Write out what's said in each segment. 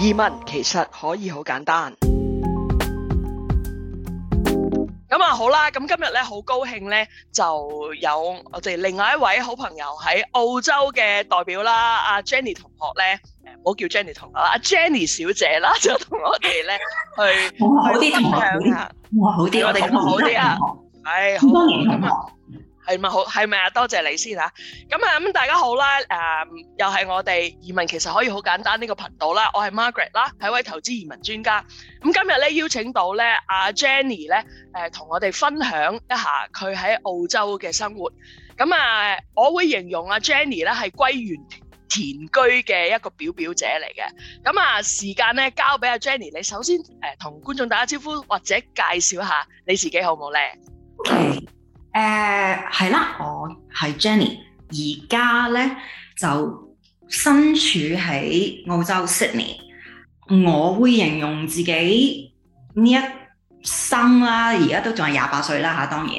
移民其實可以好簡單。咁啊好啦，咁今日咧好高興咧，就有我哋另外一位好朋友喺澳洲嘅代表啦，阿、啊、Jenny 同學咧，唔好叫 Jenny 同學，阿、啊、Jenny 小姐啦，就同我哋咧，去 好啲同學好好啲，我哋好啲啊。學、啊，唉咁移民好係咪啊？多謝你先吓、啊，咁啊咁大家好啦，誒、嗯，又係我哋移民其實可以好簡單呢個頻道啦。我係 Margaret 啦，係位投資移民專家。咁、嗯、今日咧邀請到咧阿、啊、Jenny 咧，誒、呃，同我哋分享一下佢喺澳洲嘅生活。咁、嗯、啊，我會形容阿、啊、Jenny 咧係歸園田居嘅一個表表者嚟嘅。咁、嗯、啊，時間咧交俾阿、啊、Jenny，你首先誒同、呃、觀眾打個招呼，或者介紹下你自己好唔好咧？ 誒，係啦，我係 Jenny，而家咧就身處喺澳洲 Sydney，我會形容自己呢一生啦，而家都仲係廿八歲啦吓、啊，當然，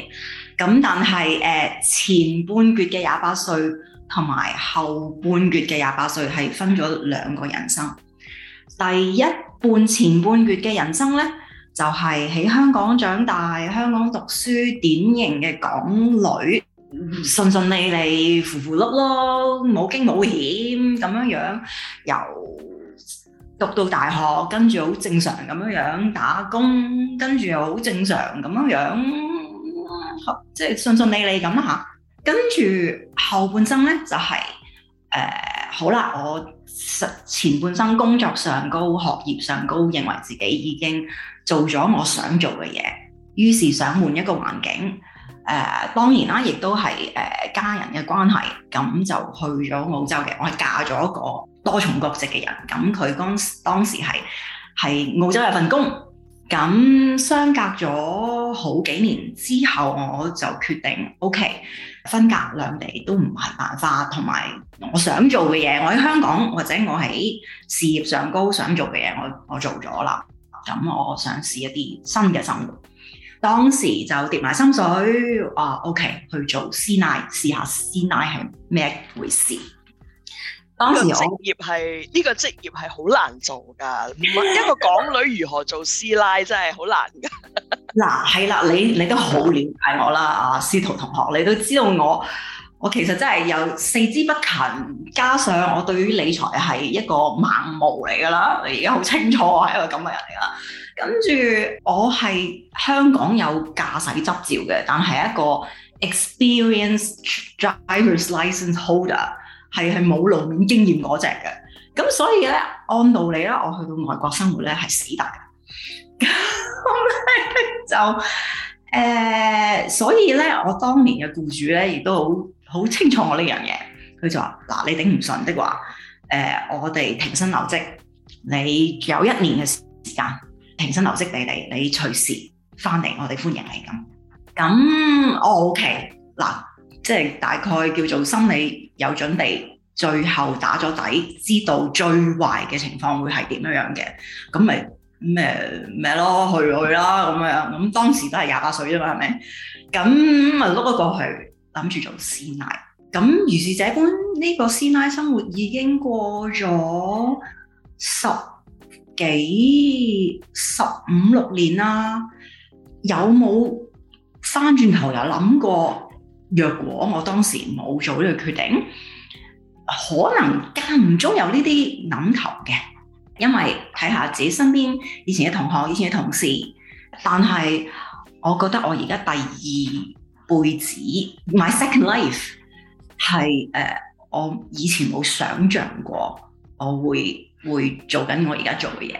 咁但係誒、呃、前半月嘅廿八歲，同埋後半月嘅廿八歲係分咗兩個人生，第一半前半月嘅人生咧。就係、是、喺香港長大，香港讀書，典型嘅港女，順順利利，糊糊碌碌，冇驚冇險咁樣樣，由讀到大學，跟住好正常咁樣樣打工，跟住又好正常咁樣樣，即係順順利利咁啦嚇。跟住後半生呢，就係、是、誒、呃、好啦，我前半生工作上高，學業上高，認為自己已經，做咗我想做嘅嘢，於是想換一個環境。誒、呃，當然啦，亦都係誒、呃、家人嘅關係，咁就去咗澳洲嘅。我係嫁咗一個多重國籍嘅人，咁佢當當時係係澳洲有份工，咁相隔咗好幾年之後，我就決定 OK，分隔兩地都唔係辦法，同埋我想做嘅嘢，我喺香港或者我喺事業上高想做嘅嘢，我我做咗啦。咁我想試一啲新嘅生活，當時就跌埋心水，話 O K 去做師奶，試下師奶係咩回事。呢、呢個職業係呢、呢個職業係好難做㗎， 一個港女如何做師奶真係好難㗎。嗱， 係啦，你你都好了解我啦、嗯，啊，司徒同學，你都知道我。我其實真係有四肢不勤，加上我對於理財係一個盲毛嚟㗎啦。你而家好清楚我係一個咁嘅人嚟㗎啦。跟住我係香港有駕駛執照嘅，但係一個 experience driver's license holder 係係冇路面經驗嗰隻嘅。咁所以咧，按道理咧，我去到外國生活咧係死得。咁 咧就誒、呃，所以咧我當年嘅僱主咧亦都好。好清楚我呢樣嘢，佢就話，嗱，你頂唔順的話，誒、呃，我哋停薪留職，你有一年嘅時間停薪留職俾你，你隨時翻嚟，我哋歡迎你咁。咁我、哦、OK 嗱，即、就、係、是、大概叫做心理有準備，最後打咗底，知道最壞嘅情況會係點樣樣嘅，咁咪咩咩咯去去啦咁樣，咁當時都係廿八歲啫嘛，係咪？咁咪碌一過去。諗住做師奶，咁如是這般，呢個師奶生活已經過咗十幾十五六年啦。有冇返轉頭又諗過？若果我當時冇做呢個決定，可能間唔中有呢啲諗頭嘅，因為睇下自己身邊以前嘅同學、以前嘅同事。但係我覺得我而家第二輩子 my second life 係，誒、呃、我以前冇想像過我我、呃，我會會做緊我而家做嘅嘢，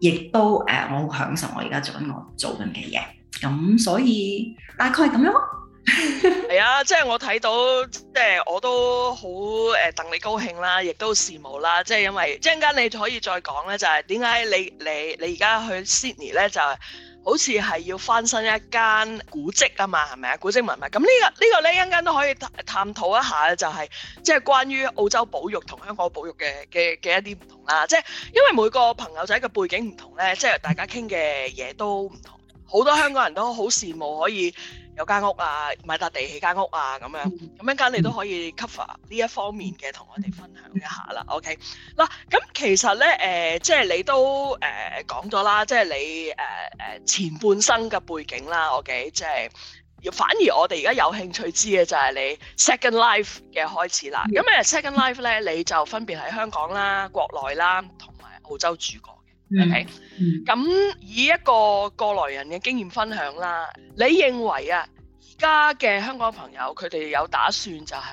亦都誒我好享受我而家做緊我做緊嘅嘢，咁所以大概係咁樣囉。係 啊，即係我睇到，即係我都好誒戥你高興啦，亦都羨慕啦，即係因為即係陣間你可以再講咧，就係，就係點解你你你而家去 Sydney 咧就係。好似係要翻新一間古蹟啊嘛，係咪啊？古蹟文物咁呢個呢個咧，一間都可以探探討一下，就係即係關於澳洲保育同香港保育嘅嘅嘅一啲唔同啦。即係因為每個朋友仔嘅背景唔同呢，即係大家傾嘅嘢都唔同。好多香港人都好羨慕可以有間屋啊，買笪地起間屋啊，咁樣咁樣間你都可以 cover 呢一方面嘅，同我哋分享一下啦，OK？嗱，咁其實咧，誒、呃，即係你都誒、呃、講咗啦，即係你誒誒、呃、前半生嘅背景啦，我、okay？嘅即係，反而我哋而家有興趣知嘅就係你 second life 嘅開始啦。咁、嗯、啊，second life 咧，你就分別喺香港啦、國內啦，同埋澳洲住過。咁、okay, 以一個過來人嘅經驗分享啦，你認為啊，而家嘅香港朋友佢哋有打算就係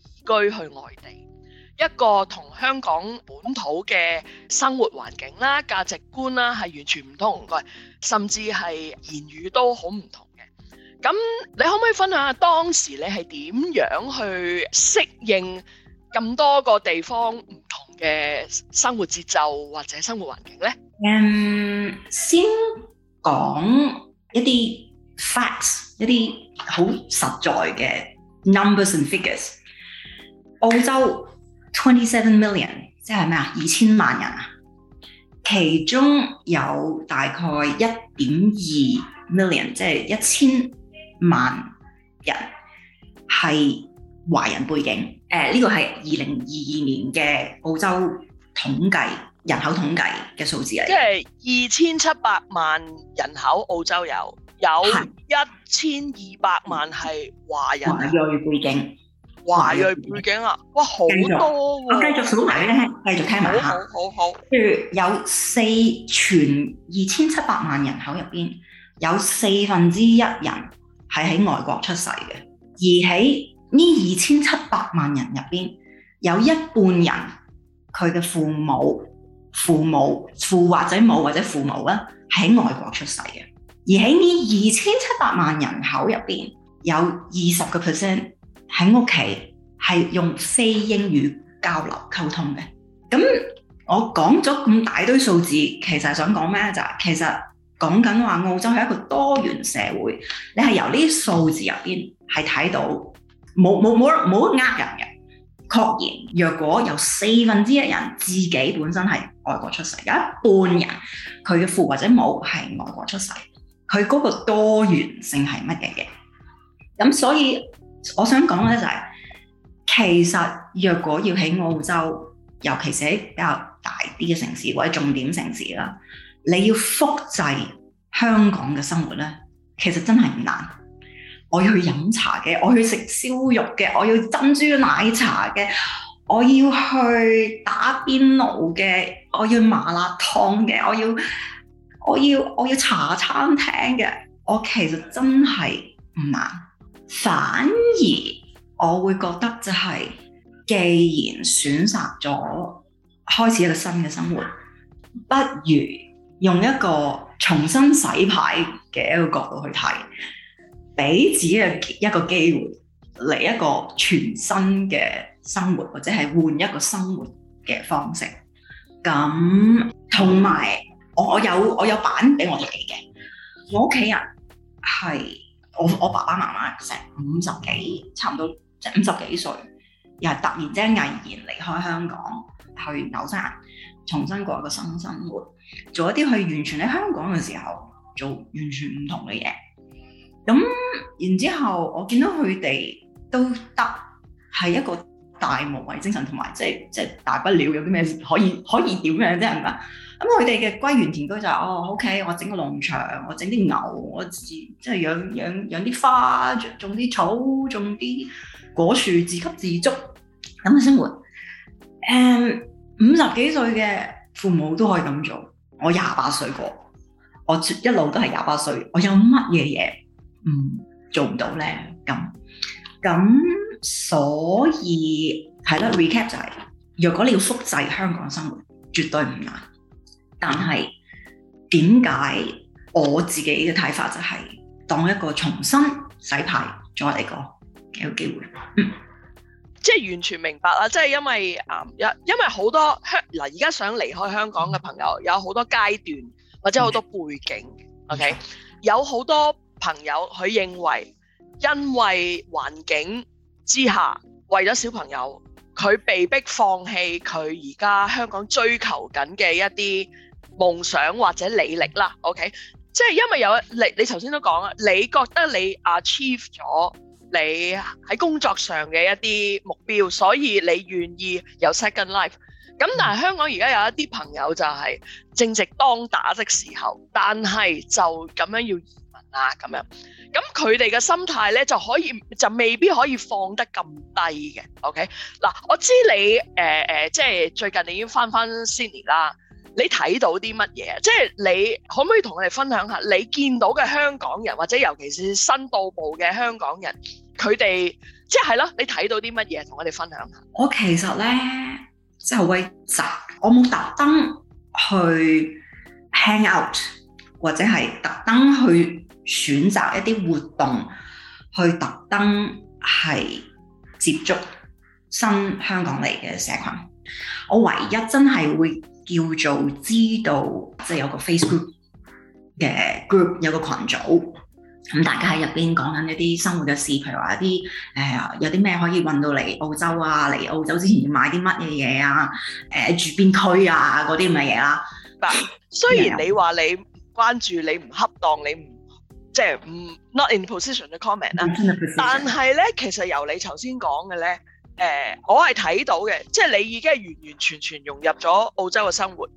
移居去外地，一個同香港本土嘅生活環境啦、價值觀啦係完全唔同嘅，甚至係言語都好唔同嘅。咁你可唔可以分享下當時你係點樣去適應咁多個地方唔同嘅生活節奏或者生活環境呢？Um, 先講一啲 facts，一啲好實在嘅 numbers and figures。澳洲 twenty seven million，即係咩？二千萬人啊，其中有大概一點二 million，即係一千萬人係華人背景。呃，這呢個係二零二二年嘅澳洲統計。人口統計嘅數字嚟，即係二千七百萬人口澳洲有有一千二百萬係華人裔背景，華裔背景啊，哇好多、啊繼！我繼續數埋俾你聽，繼續聽埋嚇，好好好。跟住有四全二千七百萬人口入邊，有四分之一人係喺外國出世嘅、嗯，而喺呢二千七百萬人入邊，有一半人佢嘅父母。父母父或者母或者父母咧喺外國出世嘅，而喺呢二千七百萬人口入邊，有二十個 percent 喺屋企係用非英語交流溝通嘅。咁我講咗咁大堆數字，其實係想講咩啫？就是、其實講緊話澳洲係一個多元社會，你係由呢啲數字入邊係睇到冇冇冇冇呃人嘅。確然，若果有四分之一人自己本身係外國出世，有一半人佢嘅父或者母係外國出世，佢嗰個多元性係乜嘢嘅？咁所以我想講嘅咧就係，其實若果要喺澳洲，尤其是喺比較大啲嘅城市或者重點城市啦，你要複製香港嘅生活咧，其實真係唔難。我要飲茶嘅，我要食燒肉嘅，我要珍珠奶茶嘅，我要去打邊爐嘅，我要麻辣燙嘅，我要我要我要茶餐廳嘅，我其實真係唔難，反而我會覺得就係，既然選擇咗開始一個新嘅生活，不如用一個重新洗牌嘅一個角度去睇。俾自己嘅一個機會嚟一個全新嘅生活，或者係換一個生活嘅方式。咁同埋我有我有版俾我睇嘅，我屋企人係我我爸爸媽媽成五十幾，差唔多即五十幾歲，又係突然之間毅然離開香港去紐西蘭，重新過一個新生活，做一啲去完全喺香港嘅時候做完全唔同嘅嘢。咁然之後，我見到佢哋都得係一個大無畏精神，同埋即係即係大不了有啲咩可以可以點樣啫？係嘛，咁佢哋嘅歸園田居就係、是、哦，OK，我整個農場，我整啲牛，我自即係養養養啲花，種啲草，種啲果樹，自給自足咁嘅生活。誒、呃，五十幾歲嘅父母都可以咁做，我廿八歲過，我一路都係廿八歲，我有乜嘢嘢？嗯，做唔到咧，咁咁所以係啦。Recap 就係，若果你要複製香港生活，絕對唔難。但係點解我自己嘅睇法就係，當一個重新洗牌，再嚟過嘅機會。嗯，即係完全明白啦，即係因為啊，因因為好多香嗱，而家想離開香港嘅朋友有好多階段，或者好多背景。嗯，OK，有好多。朋友，佢認為，因為環境之下，為咗小朋友，佢被迫放棄佢而家香港追求緊嘅一啲夢想或者履歷啦。OK，即係因為有你，你頭先都講啦，你覺得你 achieve 咗你喺工作上嘅一啲目標，所以你願意有 second life。咁但係香港而家有一啲朋友就係正值當打的時候，但係就咁樣要。啊咁樣，咁佢哋嘅心態咧就可以就未必可以放得咁低嘅，OK？嗱、啊，我知你誒誒、呃呃，即係最近你已經翻翻 Sydney 啦，你睇到啲乜嘢？即係你可唔可以同我哋分享下你見到嘅香港人，或者尤其是新到埗嘅香港人，佢哋即係係咯，你睇到啲乜嘢？同我哋分享下。我其實咧就揀，我冇特登去 hang out，或者係特登去。選擇一啲活動去特登係接觸新香港嚟嘅社群。我唯一真係會叫做知道，即係有個 Facebook 嘅 group，有個羣組咁，大家喺入邊講緊一啲生活嘅事，譬如話一啲誒有啲咩可以運到嚟澳洲啊，嚟澳洲之前要買啲乜嘢嘢啊，誒住邊區啊嗰啲咁嘅嘢啦。但係雖然你話你關注你唔恰當，你唔即係唔 not in position to comment 啦。但係咧，其實由你頭先講嘅咧，誒、呃，我係睇到嘅，即係你已經係完完全全融入咗澳洲嘅生活。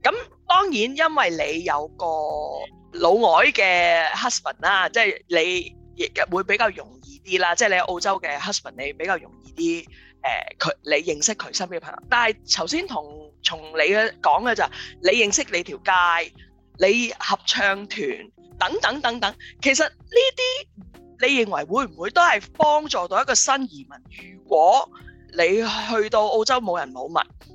咁當然，因為你有個老外嘅 husband 啦，即係你會比較容易啲啦。即係你喺澳洲嘅 husband，你比較容易啲誒佢你認識佢身邊嘅朋友。但係頭先同從你嘅講嘅就係，你認識你條街，你合唱團。等等等等，其實呢啲你認為會唔會都係幫助到一個新移民？如果你去到澳洲冇人冇物，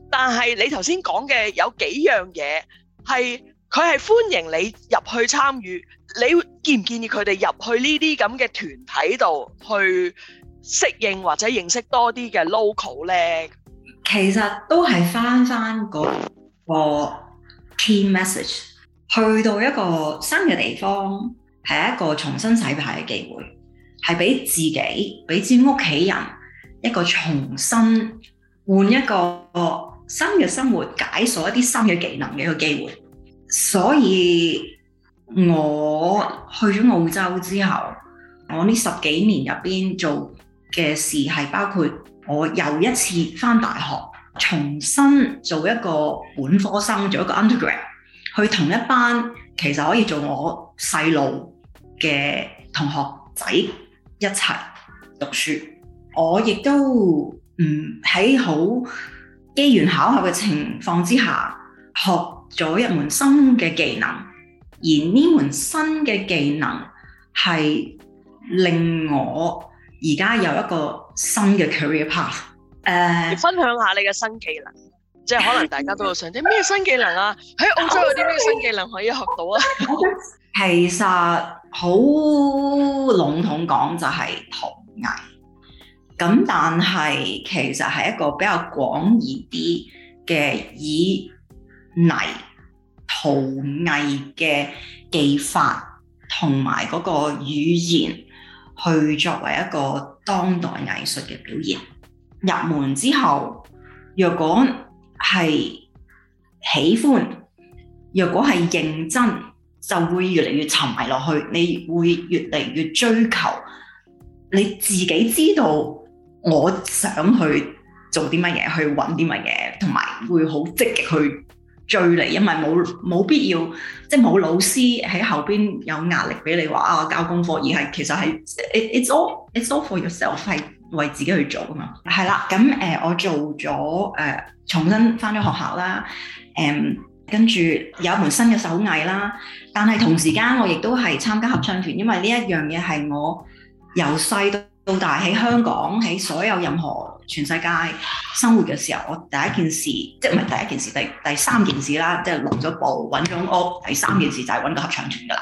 但係你頭先講嘅有幾樣嘢係佢係歡迎你入去參與，你建唔建議佢哋入去呢啲咁嘅團體度去適應或者認識多啲嘅 local 呢？其實都係翻翻嗰個 key message。去到一個新嘅地方，係一個重新洗牌嘅機會，係俾自己、俾自己屋企人一個重新換一個新嘅生活、解鎖一啲新嘅技能嘅一個機會。所以我去咗澳洲之後，我呢十幾年入邊做嘅事係包括我又一次返大學，重新做一個本科生，做一個 undergrad。去同一班其實可以做我細路嘅同學仔一齊讀書。我亦都唔喺好機緣巧合嘅情況之下學咗一門新嘅技能，而呢門新嘅技能係令我而家有一個新嘅 career path。誒，uh，分享一下你嘅新技能。即係可能大家都會想啲咩新技能啊？喺澳洲有啲咩新技能可以學到啊？ 其實好籠統講就係陶藝，咁但係其實係一個比較廣義啲嘅以泥陶藝嘅技法同埋嗰個語言去作為一個當代藝術嘅表現。入門之後，若果係喜歡，若果係認真，就會越嚟越沉迷落去。你會越嚟越追求，你自己知道我想去做啲乜嘢，去搵啲乜嘢，同埋會好積極去追你，因為冇冇必要，即係冇老師喺後邊有壓力俾你話啊，交功課，而係其實係 it's all it's all for yourself 為自己去做啊嘛，係啦，咁誒、呃，我做咗誒、呃，重新返咗學校啦，誒、嗯，跟住有門新嘅手藝啦，但係同時間我亦都係參加合唱團，因為呢一樣嘢係我由細到大喺香港，喺所有任何全世界生活嘅時候，我第一件事即係唔係第一件事，第第三件事啦，即係落咗步，揾咗屋，第三件事就係揾個合唱團噶啦，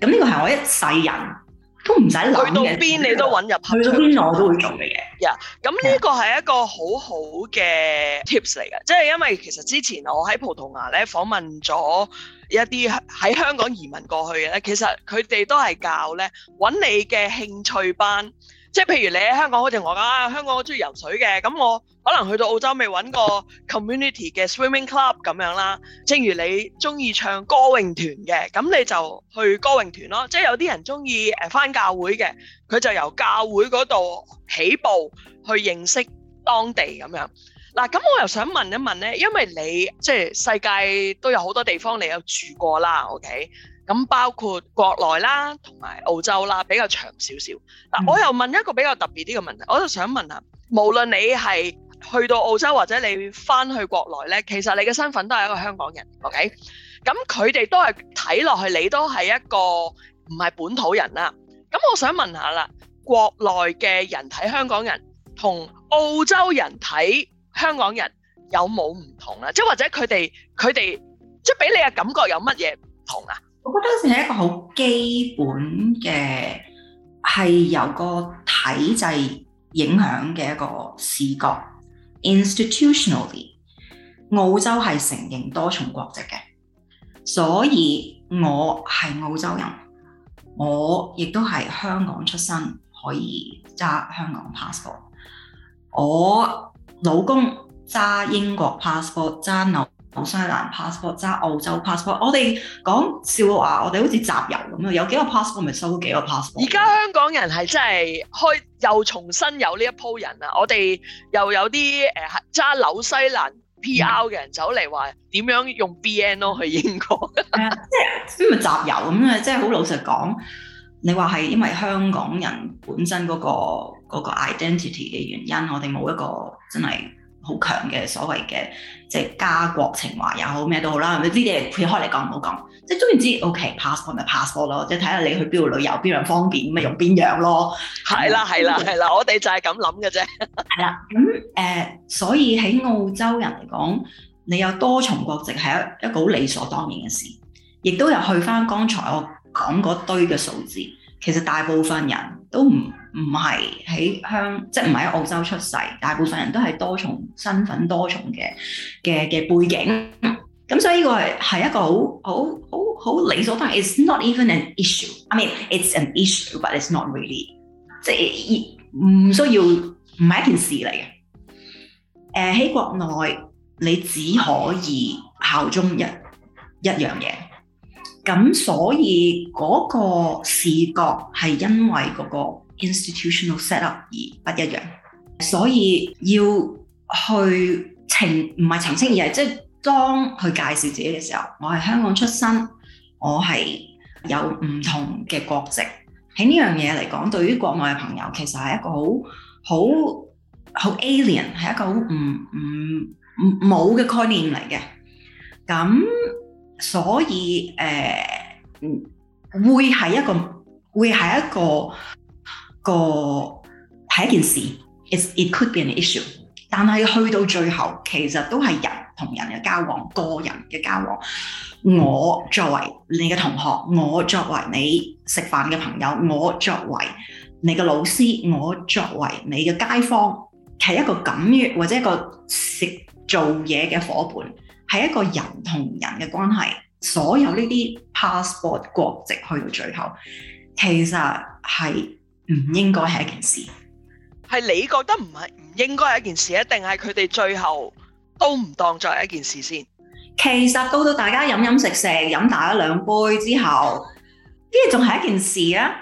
咁、嗯、呢、這個係我一世人。都唔使諗，去到邊你都揾入，去到邊我都會做嘅嘢。咁、yeah, 呢、yeah. 個係一個很好好嘅 tips 嚟嘅，即、yeah. 係因為其實之前我喺葡萄牙咧訪問咗一啲喺香港移民過去嘅咧，其實佢哋都係教咧揾你嘅興趣班。即係譬如你喺香港好似我咁啦，香港我中意游水嘅，咁我可能去到澳洲未揾個 community 嘅 swimming club 咁樣啦。正如你中意唱歌詠團嘅，咁你就去歌詠團咯。即係有啲人中意誒返教會嘅，佢就由教會嗰度起步去認識當地咁樣。嗱，咁我又想問一問咧，因為你即係世界都有好多地方你有住過啦，OK？咁包括國內啦，同埋澳洲啦，比較長少少。嗱，我又問一個比較特別啲嘅問題，嗯，我就想問下：無論你係去到澳洲或者你翻去國內咧，其實你嘅身份都係一個香港人。OK，咁佢哋都係睇落去，你都係一個唔係本土人啦。咁我想問下啦，國內嘅人睇香港人，同澳洲人睇香港人有冇唔同呀？即係或者佢哋佢哋即係俾你嘅感覺有乜嘢唔同啊？我覺得係一個好基本嘅，係由個體制影響嘅一個視角。Institutionally，澳洲係承認多重國籍嘅，所以我係澳洲人，我亦都係香港出生，可以揸香港 passport。我老公揸英國 passport，揸紐新西蘭 passport 揸澳洲 passport，我哋講笑話，我哋好似集郵咁啊！有幾個 passport 咪收幾個 passport。而家香港人係真係開又重新有呢一鋪人啊！我哋又有啲誒揸紐西蘭 PR 嘅人走嚟話點樣用 BN 咯去英國。即係咪集郵咁啊！即係好老實講，你話係因為香港人本身嗰、那個嗰、那個 identity 嘅原因，我哋冇一個真係。好強嘅所謂嘅即係家國情懷又好咩都好啦，呢啲嘢撇開嚟講唔好講，即係當然知。O K，passport 咪 passport 咯，即係睇下你去邊度旅遊邊樣方便，咪用邊樣咯。係啦，係啦，係啦，嗯，我哋就係咁諗嘅啫。係 啦，咁、嗯呃、所以喺澳洲人嚟講，你有多重國籍係一一個好理所當然嘅事，亦都有去翻剛才我講嗰堆嘅數字，其實大部分人都唔。唔係喺香，即係唔係喺澳洲出世。大部分人都係多重身份，多重嘅嘅嘅背景。咁 所以呢個係一個好好好好理所當然。It's not even an issue. I mean, it's an issue, but it's not really 即係唔需要，唔係一件事嚟嘅。誒、uh, 喺國內，你只可以效忠一一樣嘢。咁所以嗰個視覺係因為嗰、嗰個。institutional set up 而不一樣，所以要去澄唔係澄清而，而係即係當佢介紹自己嘅時候，我係香港出身，我係有唔同嘅國籍。喺呢樣嘢嚟講，對於國外嘅朋友，其實係一個好好好 alien，係一個好唔唔冇嘅概念嚟嘅。咁所以誒，嗯，嗯嗯呃、會係一個會係一個。個係一件事，It's，it could be an issue，但係去到最後，其實都係人同人嘅交往，個人嘅交往。我作為你嘅同學，我作為你食飯嘅朋友，我作為你嘅老師，我作為你嘅街坊，係一個敢於或者一個食做嘢嘅伙伴，係一個人同人嘅關係。所有呢啲 passport 國籍去到最後，其實係。唔應該係一件事，係你覺得唔係唔應該係一件事，定係佢哋最後都唔當作係一件事先？其實到到大家飲飲食食飲大咗兩杯之後，呢仲係一件事啊！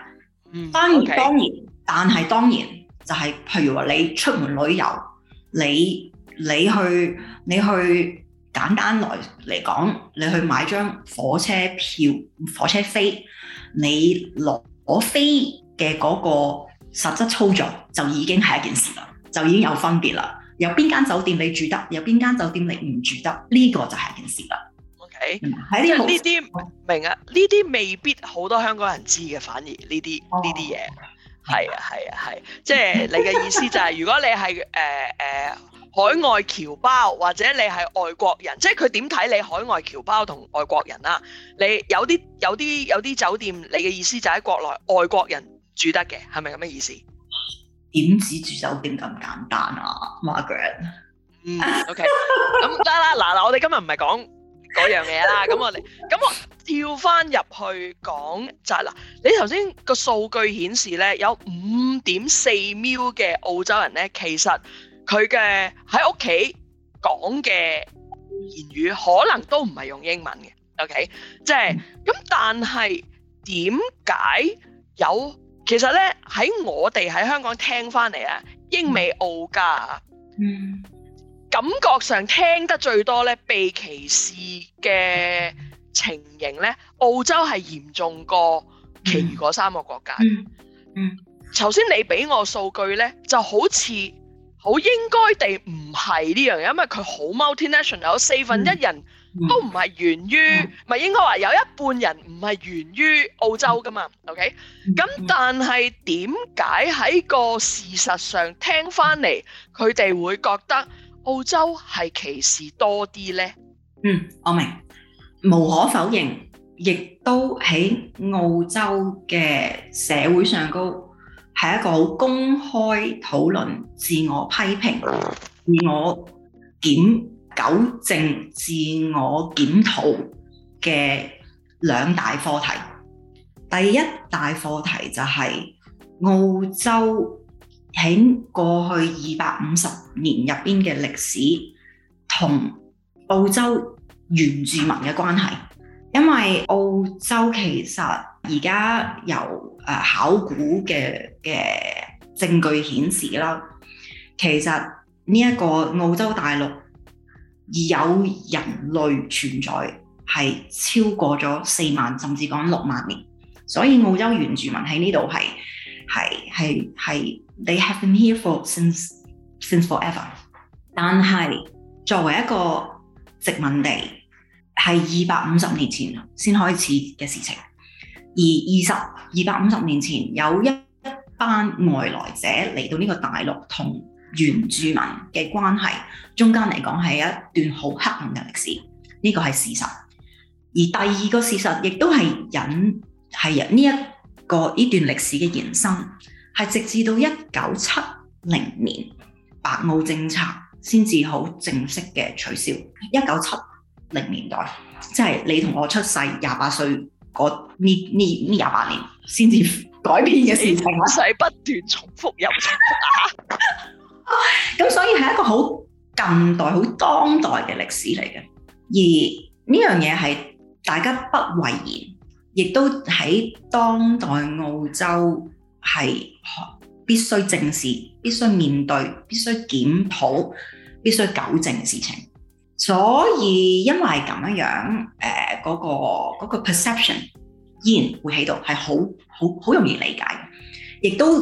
當、嗯、然、okay. 當然，但係當然就係、是、譬如話你出門旅遊，你你去你去簡單來嚟講，你去買一張火車票、火車飛，你攞飛。嘅嗰個實質操作就已經係一件事啦，就已經有分別啦。有邊間酒店你住得，有邊間酒店你唔住得，呢個就係一件事啦。OK，喺呢啲明啊，呢啲未必好多香港人知嘅，反而呢啲呢啲嘢係係啊係，即係、啊啊啊就是、你嘅意思就係、是， 如果你係誒誒海外僑胞或者你係外國人，即係佢點睇你海外僑胞同外國人啊？你有啲有啲有啲酒店，你嘅意思就喺國內外國人。住得嘅，係咪咁嘅意思？點止住酒店咁簡單啊，Margaret？嗯，OK。咁得啦，嗱嗱， 我哋今日唔係講嗰樣嘢啦。咁我哋咁我跳翻入去講就係嗱，你頭先個數據顯示咧，有五點四 million 嘅澳洲人咧，其實佢嘅喺屋企講嘅言語可能都唔係用英文嘅。OK，即係咁，但係點解有？其實咧，喺我哋喺香港聽翻嚟啊，英美澳加、嗯，感覺上聽得最多咧，被歧視嘅情形咧，澳洲係嚴重過其餘嗰三個國家嘅。嗯，頭先、嗯嗯、你俾我數據咧，就好似好應該地唔係呢樣嘢，因為佢好 multinational，有四分一人。都唔係源於，咪應該話有一半人唔係源於澳洲㗎嘛？OK，咁但係點解喺個事實上聽翻嚟，佢哋會覺得澳洲係歧視多啲呢？嗯，我明。無可否認，亦都喺澳洲嘅社會上高係一個好公開討論、自我批評、自我檢。糾正自我檢討嘅兩大課題。第一大課題就係澳洲喺過去二百五十年入邊嘅歷史同澳洲原住民嘅關係，因為澳洲其實而家由考古嘅嘅證據顯示啦，其實呢一個澳洲大陸。有人類存在係超過咗四萬甚至講六萬年，所以澳洲原住民喺呢度係係係係，They have been here for since since forever。但係作為一個殖民地，係二百五十年前先開始嘅事情。而二十二百五十年前有一班外來者嚟到呢個大陸同。原住民嘅關係，中間嚟講係一段好黑暗嘅歷史，呢、呢個係事實。而第二個事實亦都係引係引呢一個呢段歷史嘅延伸，係直至到一九七零年白澳政策先至好正式嘅取消。一九七零年代，即係你同我出世廿八歲嗰呢呢呢廿八年，先至改變嘅事情啦。世不，不斷重複又重複、啊。 咁所以係一個好近代、好當代嘅歷史嚟嘅，而呢樣嘢係大家不諱言，亦都喺當代澳洲係必須正視、必須面對、必須檢討、必須糾正嘅事情。所以因為咁樣樣，誒、呃、嗰個嗰個 perception 依然會喺度，係好好好容易理解嘅，亦都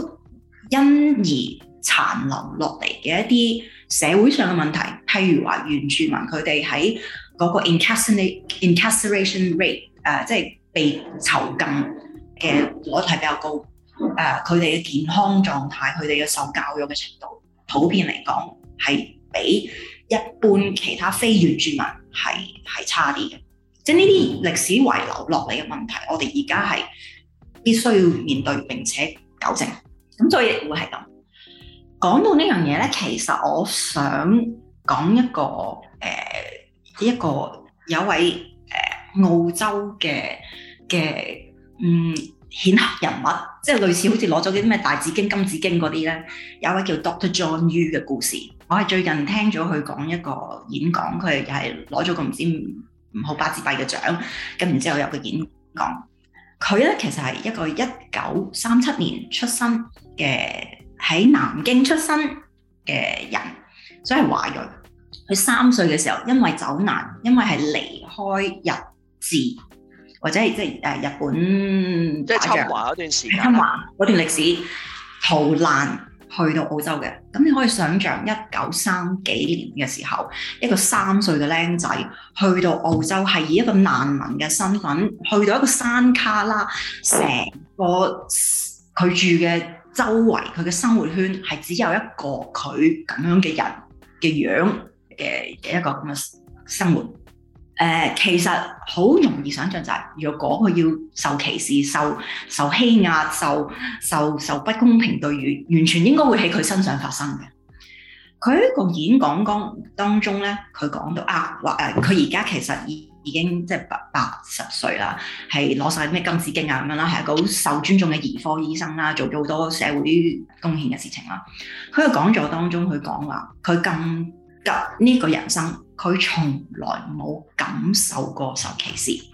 因而。殘留落嚟嘅一啲社會上嘅問題，譬如話原住民佢哋喺嗰個 incarceration rate，誒、呃、即係被囚禁嘅率係比較高，誒佢哋嘅健康狀態、佢哋嘅受教育嘅程度，普遍嚟講係比一般其他非原住民係係差啲嘅。即係呢啲歷史遺留落嚟嘅問題，我哋而家係必須要面對並且糾正，咁所以會係咁。講到這呢樣嘢咧，其實我想講一個呢、呃、一個有位誒、呃、澳洲嘅嘅嗯顯赫人物，即係類似好似攞咗啲咩大紫荊、金紫荊嗰啲咧。有位叫 Doctor John Yu 嘅故事，我係最近聽咗佢講一個演講，佢又係攞咗個唔知唔好八字幣嘅獎，咁然之後有個演講，佢咧其實係一個一九三七年出生嘅。喺南京出生嘅人，所以係華裔。佢三歲嘅時候，因為走難，因為係離開日治，或者係即係誒日本，即係侵華嗰段時間，侵華嗰段歷史逃難去到澳洲嘅。咁你可以想象，一九三幾年嘅時候，一個三歲嘅僆仔去到澳洲，係以一個難民嘅身份去到一個山卡拉，成個佢住嘅。周圍佢嘅生活圈係只有一個佢咁樣嘅人嘅樣嘅一個咁嘅生活。誒、呃，其實好容易想象就係，若果佢要受歧視、受受欺壓、受受受不公平待遇，完全應該會喺佢身上發生嘅。佢喺個演講當當中咧，佢講到啊，或、呃、誒，佢而家其實而。已經即係八八十歲啦，係攞晒咩金紫荊啊咁樣啦，係一個好受尊重嘅兒科醫生啦，做咗好多社會貢獻嘅事情啦。佢個講座當中，佢講話佢咁急呢個人生，佢從來冇感受過受歧視。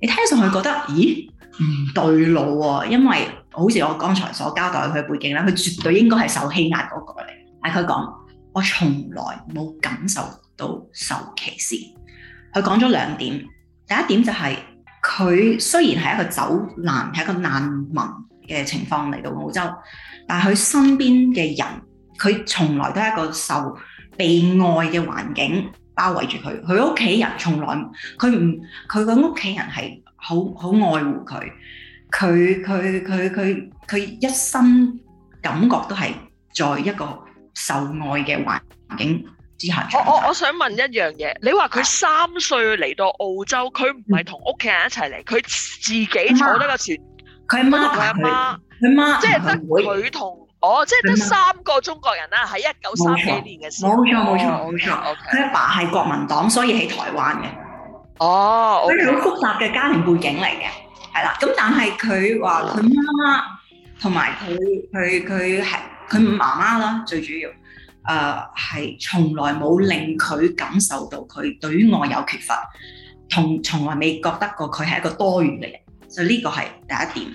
你聽上去覺得，咦唔對路喎？因為好似我剛才所交代佢背景啦，佢絕對應該係受欺壓嗰個嚟。但佢講，我從來冇感受到受歧視。佢講咗兩點，第一點就係，佢雖然係一個走難，係一個難民嘅情況嚟到澳洲，但係佢身邊嘅人，佢從來都係一個受被愛嘅環境包圍住佢。佢屋企人從來佢唔，佢個屋企人係好好愛護佢，佢佢佢佢佢一生感覺都係在一個受愛嘅環環境。我我我想問一樣嘢，你話佢三歲嚟到澳洲，佢唔係同屋企人一齊嚟，佢自己坐得個船。佢阿媽佢阿媽佢媽，即係得佢同哦，即係得三個中國人啦。喺一九三四年嘅時候，冇錯冇錯冇錯。佢阿，okay, okay. okay. 爸係國民黨，所以喺台灣嘅。哦，佢係好複雜嘅家庭背景嚟嘅，係啦。咁但係佢話佢媽媽同埋佢佢佢係佢媽媽啦，最主要。誒，係從來冇令佢感受到佢對於愛有缺乏，同從來未覺得過佢係一個多餘嘅人，就呢個係第一點。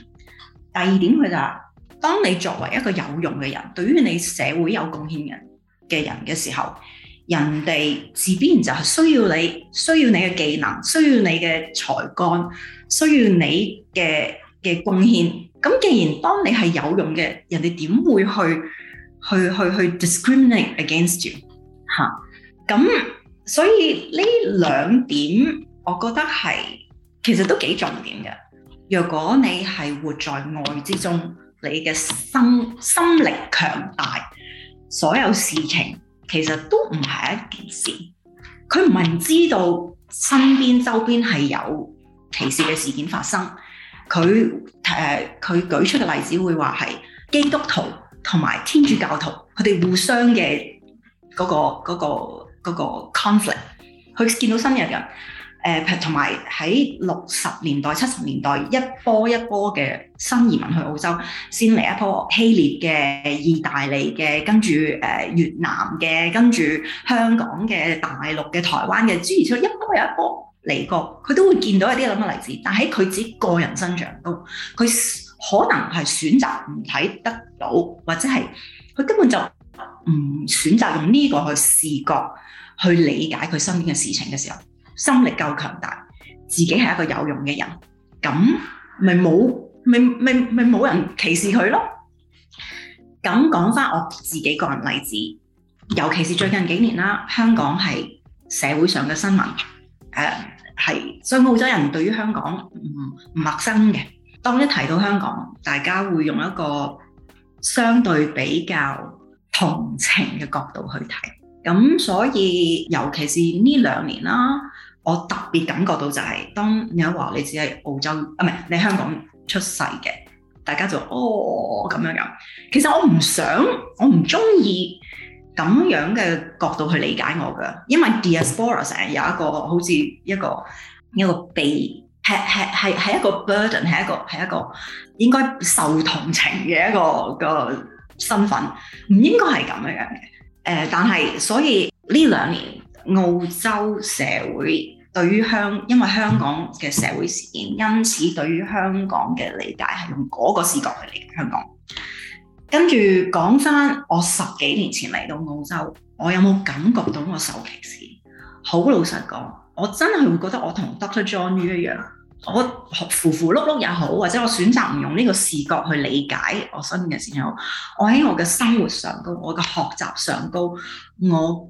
第二點佢就話，當你作為一個有用嘅人，對於你社會有貢獻嘅嘅人嘅時候，人哋自必然就係需要你，需要你嘅技能，需要你嘅才幹，需要你嘅嘅貢獻。咁既然當你係有用嘅人，人哋點會去？去去去 discriminate against you，吓，咁、啊，所以呢兩點我覺得係其實都幾重點嘅。若果你係活在愛之中，你嘅心心力強大，所有事情其實都唔係一件事。佢唔係知道身邊周邊係有歧視嘅事件發生。佢誒佢舉出嘅例子會話係基督徒。同埋天主教徒，佢哋互相嘅嗰個嗰個嗰個 conflict，佢見到新移民，誒同埋喺六十年代七十年代一波一波嘅新移民去澳洲，先嚟一波希臘嘅、意大利嘅，跟住誒、呃、越南嘅，跟住香港嘅大陸嘅、台灣嘅，諸如此類，一波有一波嚟過，佢都會見到一啲咁嘅例子，但喺佢自己個人身上都佢。他可能係選擇唔睇得到，或者係佢根本就唔選擇用呢個去視覺去理解佢身邊嘅事情嘅時候，心力夠強大，自己係一個有用嘅人，咁咪冇咪咪咪冇人歧視佢咯。咁講翻我自己個人例子，尤其是最近幾年啦，香港係社會上嘅新聞，誒、呃、係所以澳洲人對於香港唔唔陌生嘅。當一提到香港，大家會用一個相對比較同情嘅角度去睇，咁所以尤其是呢兩年啦，我特別感覺到就係、是、當有人話你只係澳洲啊，唔係你在香港出世嘅，大家就哦咁樣樣。其實我唔想，我唔鍾意這樣嘅角度去理解我㗎，因為 diaspora 成日有一個好似一個一個悲。係係係一個 burden，係一個係一個應該受同情嘅一,一個身份，唔應該係咁樣嘅，呃。但係所以呢兩年澳洲社會對於香，因為香港嘅社會事件，因此對於香港嘅理解係用嗰個視角去理解香港。跟住講翻，我十幾年前嚟到澳洲，我有冇感覺到我受歧視？好老實講，我真係會覺得我同 Doctor John Yu 一樣。我浮浮碌碌也好，或者我選擇唔用呢個視角去理解我身嘅時候，我喺我嘅生活上高，我嘅學習上高，我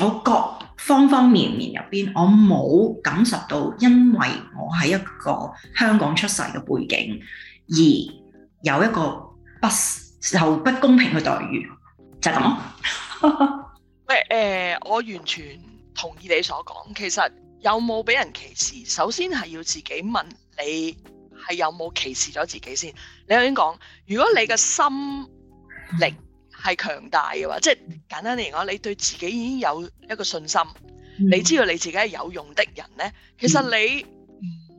我各方方面面入邊，我冇感受到因為我係一個香港出世嘅背景而有一個不受不公平嘅待遇，就係咁咯。誒、 呃，我完全同意你所講，其實。有冇俾人歧視？首先係要自己問你有有自己，你係有冇歧視咗自己先。你頭先講，如果你嘅心力係強大嘅話，即係簡單嚟講，你對自己已經有一個信心，你知道你自己係有用的人呢，其實你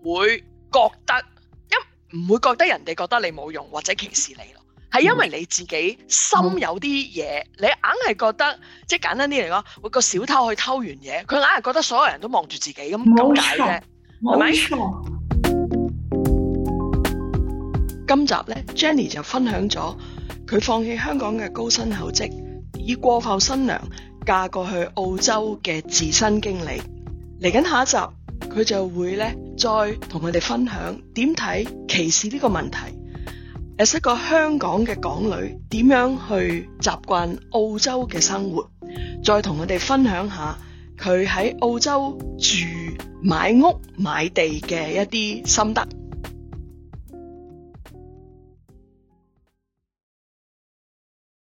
唔會覺得一唔會覺得人哋覺得你冇用或者歧視你咯。係因為你自己心有啲嘢、嗯，你硬係覺得，即係簡單啲嚟講，個小偷去偷完嘢，佢硬係覺得所有人都望住自己咁咁解嘅，係咪？今集呢 Jenny 就分享咗佢放棄香港嘅高薪厚職，以過埠新娘嫁過去澳洲嘅自身經歷。嚟緊下,下一集，佢就會呢，再同佢哋分享點睇歧視呢個問題。誒一個香港嘅港女點樣去習慣澳洲嘅生活，再同我哋分享下佢喺澳洲住買屋買地嘅一啲心得。